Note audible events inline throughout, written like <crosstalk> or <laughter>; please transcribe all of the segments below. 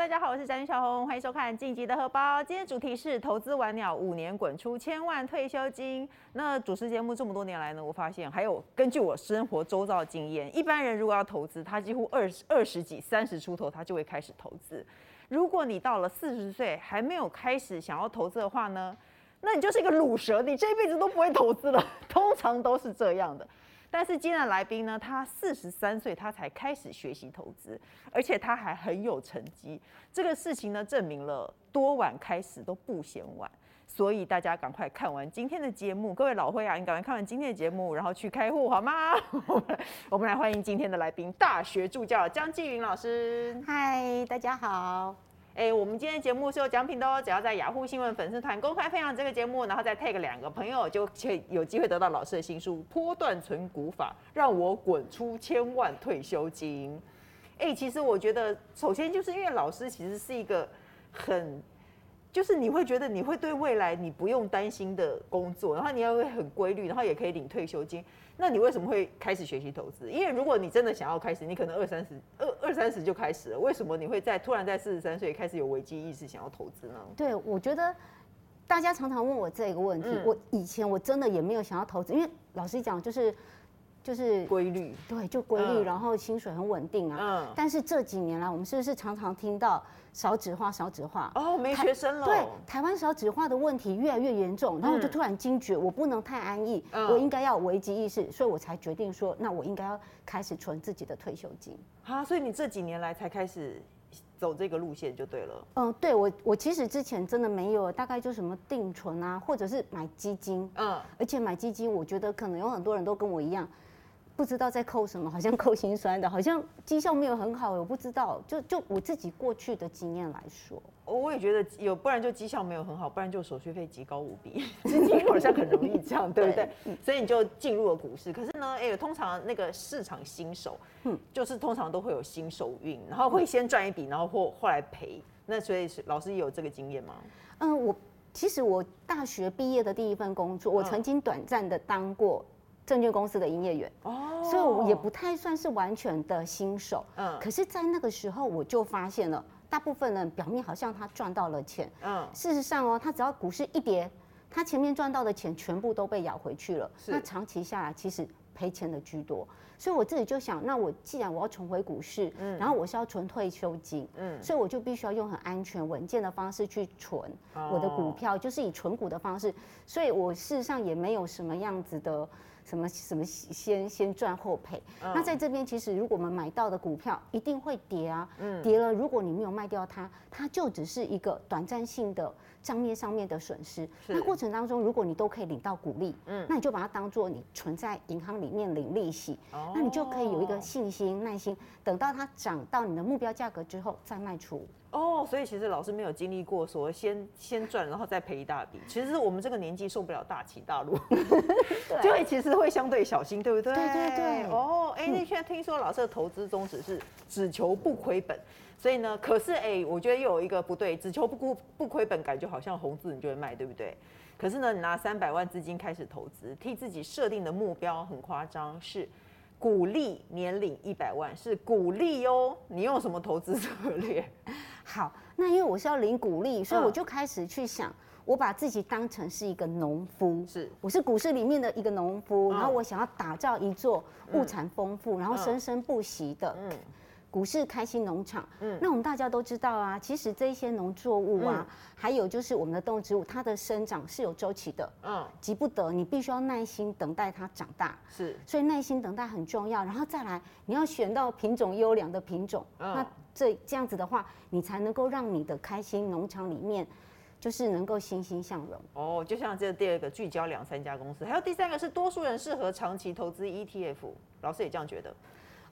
大家好，我是宅女小紅，歡迎收看《晉級的荷包》。今天主題是投資晚鳥五年滾出千萬退休金。那主持節目這麼多年來呢，我發現還有根據我生活周遭的經驗，一般人如果要投資，他幾乎二二十幾、三十出頭，他就會開始投資。如果你到了四十歲還沒有開始想要投資的話呢，那你就是一個魯蛇，你這一輩子都不會投資了。通常都是這樣的。但是今天的來賓呢，他四十三歲，他才開始學習投資，而且他還很有成績。這個事情呢，證明了多晚開始都不嫌晚。所以大家趕快看完今天的節目，各位老灰啊，你趕快看完今天的節目，然後去開戶好嗎？ <laughs> 我們來歡迎今天的來賓，大學助教江季芸老師。嗨，大家好。哎、欸，我們今天節目是有獎品的哦！只要在雅虎、ah、新聞粉絲團公開分享這個節目，然後再 tag 兩個朋友，就有機會得到老師的新書《波段存股法》，讓我滾出千萬退休金。哎、欸，其實我覺得，首先就是因為老師其實是一個很。就是你會覺得你會對未來你不用擔心的工作，然後你要會很規律，然後也可以領退休金。那你為什麼會開始學習投資？因為如果你真的想要開始，你可能二三十、二二三十就開始了。為什麼你會在突然在四十三歲開始有危機意識，想要投資呢？對，我覺得大家常常問我這個問題，我以前我真的也沒有想要投資，因為老實講就是。就是規律，對，就規律，嗯、然後薪水很穩定啊。嗯。但是這幾年來，我們是不是常常聽到少子化、少子化？哦，沒學生了。對，台灣少子化的問題越來越嚴重，然後我就突然驚覺，嗯、我不能太安逸，嗯、我應該要有危機意識，所以我才決定說，那我應該要開始存自己的退休金。啊，所以你這幾年來才開始走這個路線就對了。嗯，對我我其實之前真的沒有，大概就什麼定存啊，或者是買基金。嗯。而且買基金，我覺得可能有很多人都跟我一樣。不知道在扣什麼，好像扣心酸的，好像績效沒有很好，我不知道。就就我自己過去的經驗來說，我也覺得有，不然就績效沒有很好，不然就手續費極高無比。基金好像很容易這樣， <laughs> 對不對？所以你就進入了股市。可是呢，哎、欸，通常那個市場新手，嗯，就是通常都會有新手運，然後會先賺一筆，然後後後來賠。那所以老師也有這個經驗嗎？嗯，我其實我大學畢業的第一份工作，我曾經短暫的當過。嗯證券公司的營業員哦，所以我也不太算是完全的新手。嗯，可是，在那個時候，我就發現了，大部分人表面好像他賺到了錢，嗯，事實上哦，他只要股市一跌，他前面賺到的錢全部都被咬回去了。那長期下來，其實賠錢的居多。所以我自己就想，那我既然我要重回股市，嗯，然後我是要存退休金，嗯，所以我就必須要用很安全穩健的方式去存我的股票，就是以存股的方式。所以我事實上也沒有什麼樣子的。什麼什麼先先賺後賠？Oh. 那在這邊，其實如果我們買到的股票一定會跌啊，嗯、跌了，如果你沒有賣掉它，它就只是一個短暫性的賬面上面的損失。是那過程當中，如果你都可以領到股利，嗯，那你就把它當做你存在銀行裡面領利息，oh. 那你就可以有一個信心、耐心，等到它漲到你的目標價格之後再賣出。哦，oh, 所以其實老師沒有經歷過，說先先賺然後再賠一大筆。其實我們這個年紀受不了大起大落，對啊、 <laughs> 就其實會相對小心，對不對？對對對。哦、oh, 欸，哎、嗯，你現在聽說老師的投資宗旨是只求不虧本，所以呢，可是哎、欸，我覺得又有一個不對，只求不虧不虧本，感覺好像紅字你就會賣，對不對？可是呢，你拿三百萬資金開始投資，替自己設定的目標很誇張，是股利年領一百萬，是股利哦。你用什麼投資策略？好，那因為我是要領股利，所以我就開始去想，uh, 我把自己當成是一個農夫，是，我是股市裡面的一個農夫，uh, 然後我想要打造一座物產豐富，um, 然後生生不息的。Uh, um 股市開心農場，嗯，那我們大家都知道啊，其實這些農作物啊，嗯、還有就是我們的動植物，它的生長是有周期的，嗯，急不得，你必須要耐心等待它長大，是，所以耐心等待很重要，然後再來，你要選到品種優良的品種，嗯、那這這樣子的話，你才能夠讓你的開心農場裡面，就是能夠欣欣向榮。哦，就像這第二個聚焦兩三家公司，還有第三個是多數人適合長期投資 ETF，老師也這樣覺得。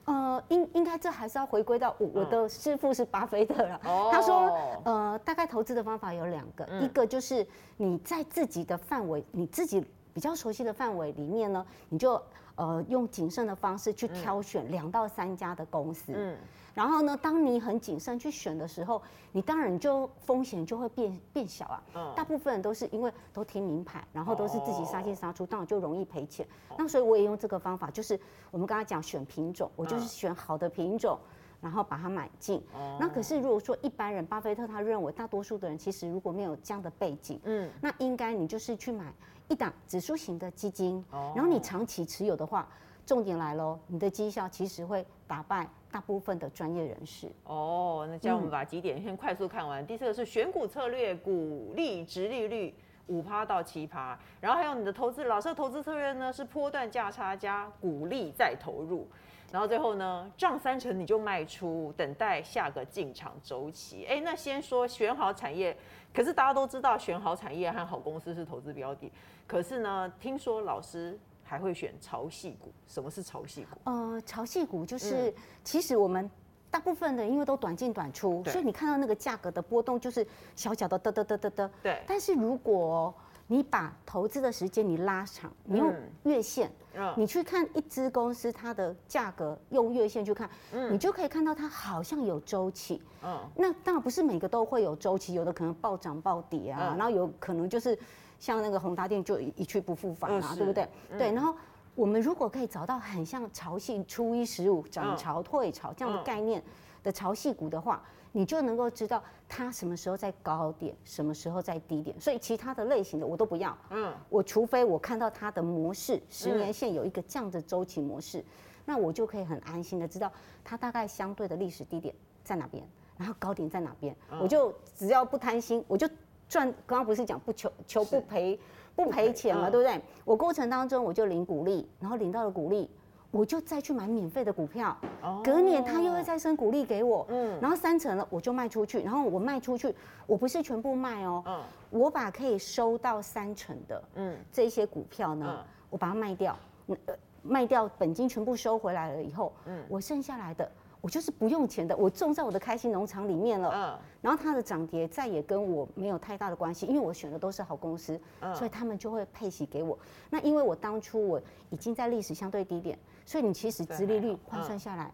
呃，應應該這還是要回歸到我我的師傅是巴菲特了。嗯 oh。他說，呃，大概投資的方法有兩個，嗯、一個就是你在自己的範圍，你自己比較熟悉的範圍裡面呢，你就呃用謹慎的方式去挑選兩到三家的公司。嗯嗯然後呢，當你很謹慎去選的時候，你當然就風險就會變變小啊。嗯、大部分人都是因為都聽名牌，然後都是自己殺進殺出，當然、哦、就容易賠錢。哦、那所以我也用這個方法，就是我們剛才講選品種，我就是選好的品種，嗯、然後把它買進。哦、那可是如果說一般人，巴菲特他認為大多數的人其實如果沒有這樣的背景，嗯，那應該你就是去買一檔指數型的基金，哦、然後你長期持有的話，重點來嘍，你的績效其實會打敗。大部分的專業人士哦，那這樣我們把幾點先快速看完。嗯、第四個是選股策略，股利殖利率五趴到七趴，然後還有你的投資老師的投資策略呢是波段價差加股利再投入，然後最後呢漲三成你就賣出，等待下個進場週期。誒、欸，那先說選好產業，可是大家都知道選好產業和好公司是投資標的，可是呢聽說老師。還會選潮汐股？什麼是潮汐股？呃，潮汐股就是，嗯、其實我們大部分的因為都短進短出，對所以你看到那個價格的波動就是小小的嘚嘚嘚嘚嘚。對。但是如果你把投資的時間你拉長，你用月線，嗯、你去看一支公司它的價格用月線去看，嗯，你就可以看到它好像有周期。嗯。那當然不是每個都會有周期，有的可能暴漲暴跌啊，嗯、然後有可能就是。像那個宏達電就一去不復返啊、嗯，對不對？嗯、對。然後我們如果可以找到很像潮汐初一十五漲潮退潮這樣的概念的潮汐股的話，嗯、你就能夠知道它什麼時候在高點，什麼時候在低點。所以其他的類型的我都不要。嗯。我除非我看到它的模式，十年線有一個這樣的周期模式，那我就可以很安心的知道它大概相對的歷史低點在哪邊，然後高點在哪邊。我就只要不貪心，我就。賺，剛剛不是講不求求，不賠，是不賠錢嘛，不賠對不對？嗯、我過程當中我就領股利，然後領到了股利，我就再去買免費的股票。哦、隔年他又會再生股利給我。嗯。然後三成了，我就賣出去。然後我賣出去，我不是全部賣哦、喔。嗯、我把可以收到三成的，嗯，這些股票呢，嗯嗯、我把它賣掉。嗯、呃。賣掉本金全部收回來了以後，嗯，我剩下來的。我就是不用錢的，我種在我的開心農場裡面了。嗯，然後它的漲跌再也跟我沒有太大的關係，因為我選的都是好公司，嗯、所以他們就會配息給我。那因為我當初我已經在歷史相對低點，所以你其實殖利率換算下來，嗯、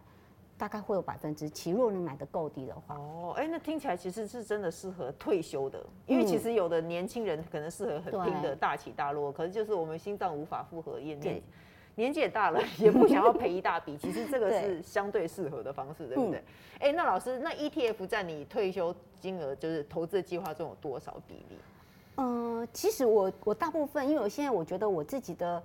大概會有百分之七，若能買得夠低的話。哦，哎，那聽起來其實是真的適合退休的，因為其實有的年輕人可能適合很拼的大起大落，可是對就是我們心臟無法負荷壓力。年紀也大了，也不想要賠一大筆， <laughs> 其實這個是相對適合的方式，對，對不對？哎、嗯欸，那老師，那 ETF 在你退休金額就是投資計劃中有多少比例？嗯、呃，其實我我大部分，因為我現在我覺得我自己的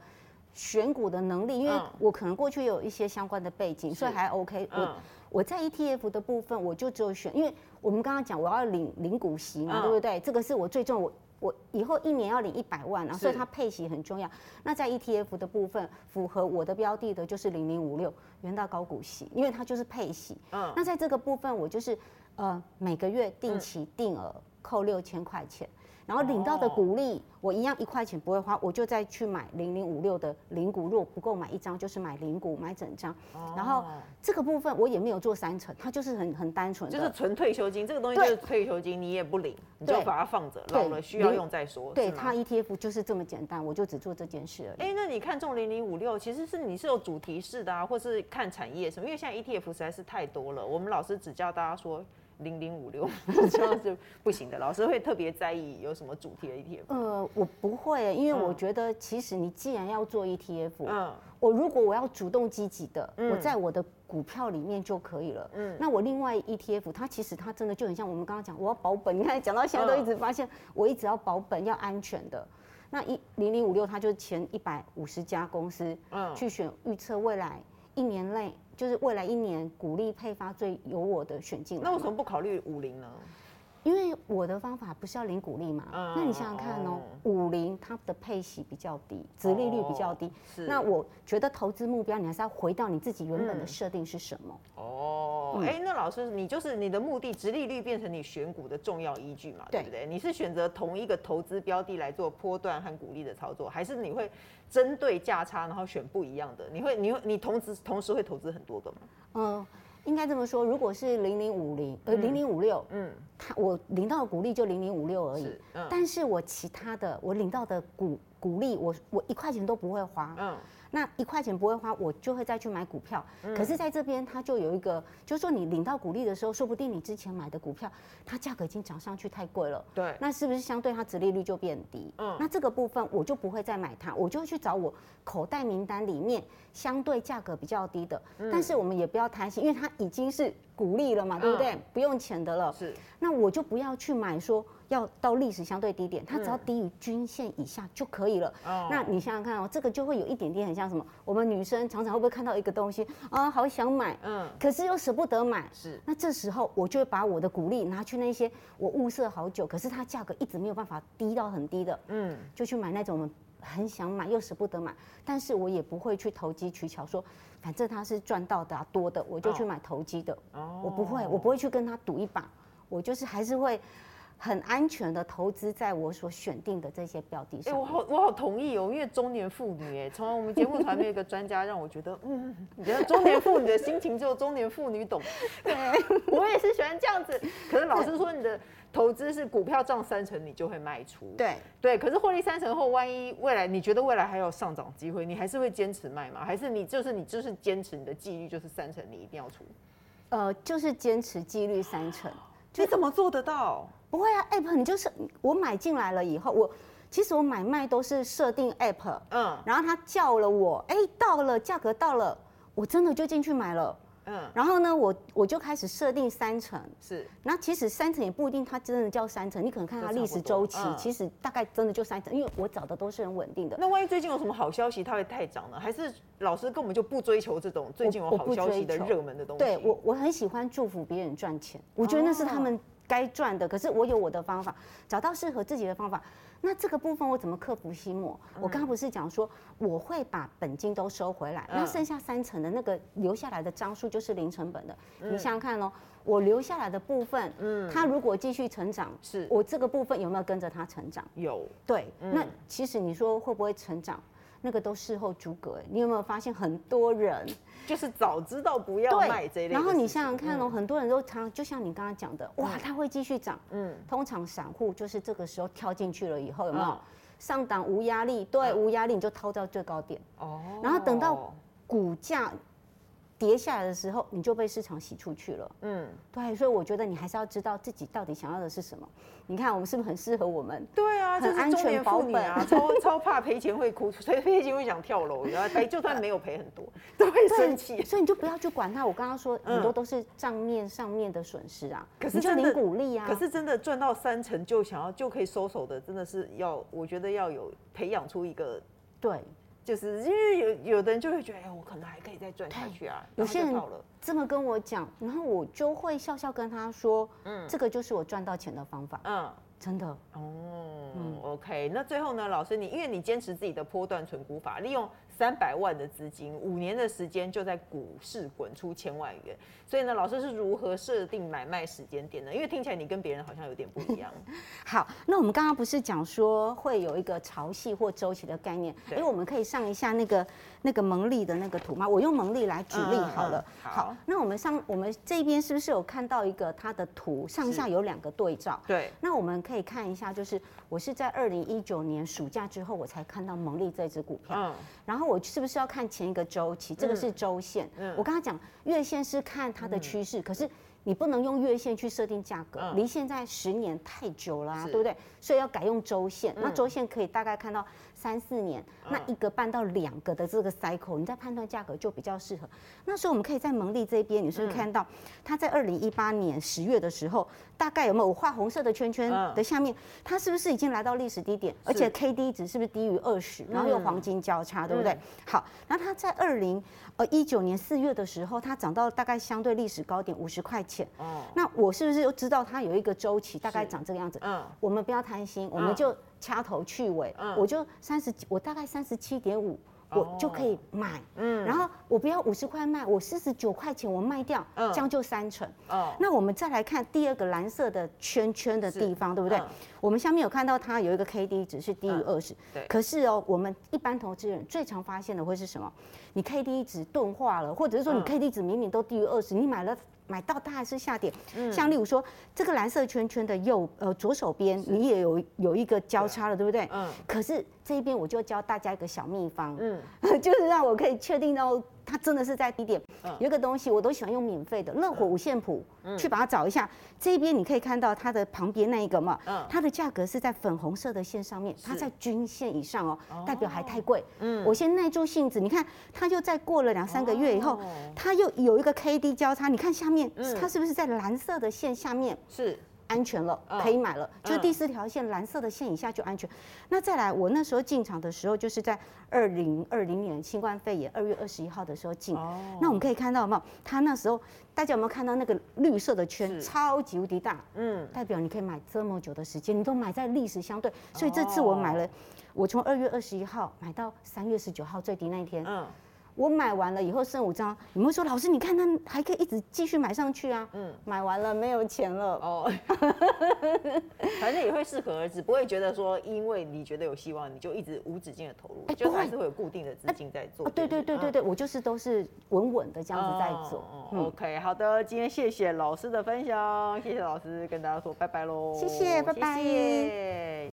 選股的能力，因為我可能過去有一些相關的背景，嗯、所以還 OK 我。我、嗯、我在 ETF 的部分，我就只有選，因為我們剛剛講我要領領股息嘛，嗯、對不對？這個是我最重我我以後一年要領一百萬啊，所以它配息很重要。是那在 ETF 的部分，符合我的標的的就是零零五六元大高股息，因為它就是配息。嗯、那在這個部分，我就是呃每個月定期定額扣六千塊錢。然後領到的股利，oh. 我一樣一塊錢不會花，我就再去買零零五六的零股。如果不夠買一張，就是買零股買整張。Oh. 然後這個部分我也沒有做三成，它就是很很單純，就是純退休金。這個東西就是退休金，對你也不領，你就把它放着，老了對需要用再說。對，它嗎 ETF 就是這麼簡單，我就只做這件事而已。哎、欸，那你看中零零五六，其實是你是有主題式的啊，或是看產業什麼？因為現在 ETF 實在是太多了，我們老師只教大家說，零零五六這樣是不行的，老師會特別在意有什麼主題的 ETF。呃，我不會，因為我覺得其實你既然要做 ETF，嗯，嗯我如果我要主動積極的，我在我的股票裡面就可以了。嗯，那我另外 ETF，它其實它真的就很像我們剛剛講，我要保本。你看講到現在都一直發現，我一直要保本要安全的。那一零零五六它就是前一百五十家公司，嗯，去選預測未來。一年內就是未來一年，股利配發最有我的選進來。那為什麼不考慮五零呢？因為我的方法不是要領股利嘛，嗯、那你想想看、喔、哦，五零它的配息比較低，殖利率比較低，哦、是。那我覺得投資目標，你還是要回到你自己原本的設定是什麼？嗯、哦，哎、嗯欸，那老師，你就是你的目的殖利率變成你選股的重要依據嘛，對，對不對？你是選擇同一個投資標的來做波段和股利的操作，還是你會針對價差然後選不一樣的？你會你會你同時同時會投資很多個嗎？嗯。應該這麼說，如果是零零五零，呃零零五六，嗯，他零零五六，嗯，我領到的股利就零零五六而已，是，嗯，但是我其他的我領到的股股利，我我一塊錢都不會花，嗯。那一塊錢不會花，我就會再去買股票。嗯、可是在這邊，它就有一個，就是說你領到股利的時候，說不定你之前買的股票，它價格已經漲上去太貴了。對，那是不是相對它殖利率就變低？嗯，那這個部分我就不會再買它，我就會去找我口袋名單裡面相對價格比較低的。但是我們也不要貪心，因為它已經是。股利了嘛，對不對？Uh, 不用錢的了，是。那我就不要去買，說要到歷史相對低點，嗯、它只要低於均線以下就可以了。哦，uh, 那你想想看哦，這個就會有一點點很像什麼？我們女生常常會不會看到一個東西啊，好想買，嗯，uh, 可是又舍不得買，是。那這時候我就會把我的股利拿去那些我物色好久，可是它價格一直沒有辦法低到很低的，嗯，就去買那種。很想買又捨不得買，但是我也不會去投機取巧，說反正他是賺到的啊，多的，我就去買投機的。Oh. Oh. 我不會，我不會去跟他賭一把，我就是還是會。很安全的投資在我所選定的這些標的上。哎、欸，我好，我好同意哦，因為中年婦女哎，從我們節目裡面有一個專家讓我覺得，嗯，你覺得中年婦女的 <laughs> 心情只有中年婦女懂。對，對我也是喜歡這樣子。可是老師說，你的投資是股票漲三成你就會賣出。對對，可是獲利三成後，萬一未來你覺得未來還有上漲機會，你還是會堅持賣嗎？還是你就是你就是堅持你的紀律就是三成你一定要出？呃，就是堅持紀律三成。你怎麼做得到？不會啊，APP，你就是我買進來了以後，我其實我買賣都是設定 APP，嗯，然後他叫了我，哎，到了價格到了，我真的就進去買了，嗯，然後呢，我我就開始設定三層是，那其實三層也不一定，它真的叫三層你可能看它歷史周期，嗯、其實大概真的就三層因為我找的都是很穩定的。那萬一最近有什麼好消息，它會太漲了？還是老師根本就不追求這種最近有好消息的熱門的東西？我我對我，我很喜歡祝福別人賺錢，我覺得那是他們。哦啊該賺的，可是我有我的方法，找到適合自己的方法。那這個部分我怎麼克服心魔？嗯、我剛剛不是講說我會把本金都收回來，嗯、那剩下三成的那個留下來的張數就是零成本的。嗯、你想想看哦、喔，我留下來的部分，嗯，它如果繼續成長，是，我這個部分有沒有跟着它成長？有，對。嗯、那其實你說會不會成長？那個都事後諸葛，你有沒有發現很多人就是早知道不要賣這類。然後你想想看、嗯、很多人都常、常就像你剛剛講的，哇，它會繼續漲，嗯，通常散戶就是這個時候跳進去了以後有沒有、嗯、上檔無壓力？對，嗯、無壓力你就套到最高點哦，然後等到股價。跌下來的時候，你就被市場洗出去了。嗯，對，所以我覺得你還是要知道自己到底想要的是什麼。你看我們是不是很適合我們？對啊，很安全保本啊， <laughs> 超超怕賠錢會哭，所以賠錢會想跳樓。啊，賠就算沒有賠很多，呃、都會生氣。所以你就不要去管他。我剛剛說很多都，都是賬面上面的損失啊。可是、嗯，你就領股利啊。可是真的賺到三成就想要就可以收手的，真的是要我覺得要有培養出一個對。就是因為有有的人就會覺得，哎，我可能還可以再賺下去啊。對了，有些人這麼跟我講，然後我就會笑笑跟他說，嗯，這個就是我賺到錢的方法，嗯，真的。哦，嗯，OK，那最後呢，老師你因為你堅持自己的波段存股法，利用。三百萬的資金，五年的時間就在股市滾出千萬元，所以呢，老師是如何設定買賣時間點呢？因為聽起來你跟別人好像有點不一樣。 <laughs> 好，那我們剛剛不是講說會有一個潮汐或週期的概念，因為對、欸、我們可以上一下那個那個蒙利的那個圖嗎？我用蒙利來舉例好了。嗯、好，好，好，那我們上我們這邊是不是有看到一個它的圖上下有兩個對照？對，那我們可以看一下就是。我是在二零一九年暑假之後，我才看到蒙利這支股票。然後我是不是要看前一個週期？這個是週線。我剛剛講，月線是看它的趨勢，可是，你不能用月線去設定價格，離、嗯、現在十年太久了、啊，是對不對？所以要改用周線。嗯、那周線可以大概看到三四年，嗯、那一個半到兩個的這個 cycle，、嗯、你再判斷價格就比較適合。那時候我們可以在蒙利這邊，你是不是看到、嗯、它在二零一八年十月的時候，大概有沒有我畫紅色的圈圈的下面，它是不是已經來到歷史低點？嗯、而且 K D 值是不是低於二十、嗯？然後又黃金交叉，對不對？嗯嗯、好，那它在二零呃一九年四月的時候，它漲到大概相對歷史高點五十塊錢。哦，那我是不是又知道它有一個周期，大概長這個樣子？嗯，我們不要貪心，我們就掐頭去尾。嗯，我就三十，我大概三十七點五，我就可以買。嗯，然後我不要五十塊賣，我四十九塊錢我賣掉，將就三成。哦，那我們再來看第二個藍色的圈圈的地方，對不對？我們下面有看到它有一個 K D 值是低於二十。對，可是哦、喔，我們一般投資人最常發現的會是什麼？你 K D 值鈍化了，或者是說你 K D 值明明都低於二十，你買了。買到大還是下跌？像例如說，這個藍色圈圈的右呃左手邊，你也有有一個交叉了，是對不對？嗯，可是。這邊我就教大家一個小秘方，嗯， <laughs> 就是讓我可以確定到它真的是在低點。有一個東西，我都喜歡用免費的樂活五線譜去把它找一下。這邊你可以看到它的旁邊那一個嘛，它的價格是在粉紅色的線上面，它在均線以上哦、喔，代表還太貴。嗯，我先耐住性子，你看它又再過了兩三個月以後，它又有一個 K D 交叉，你看下面它是不是在藍色的線下面？是。安全了，可以、uh, 買了。就第四條線，uh, 藍色的線以下就安全。那再來，我那時候進場的時候，就是在二零二零年新冠肺炎二月二十一號的時候進。Oh. 那我們可以看到，有沒有？他那時候大家有沒有看到那個綠色的圈，是超級無敵大？嗯，代表你可以買這麼久的時間，你都買在歷史相對。所以這次我買了，oh. 我從二月二十一號買到三月十九號最低那一天。嗯。Uh. 我買完了以後剩五張，你們會說老師，你看他還可以一直繼續買上去啊？嗯，買完了沒有錢了。哦， <laughs> 反正也會適可而止，不會覺得說因為你覺得有希望你就一直無止境的投入，欸、就還是會有固定的資金在做。欸、對對對對對，嗯、我就是都是穩穩的這樣子在做。OK，好的，今天謝謝老師的分享，謝謝老師跟大家說拜拜嘍，謝謝，拜拜。謝謝